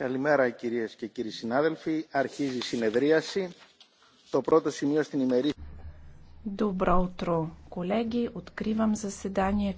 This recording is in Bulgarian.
Καλημέρα κυρίες και κύριοι συνάδελφοι. Αρχίζει η συνεδρίαση. Το πρώτο σημείο στην ημερή... Добро утро, колеги! Откривам заседанието.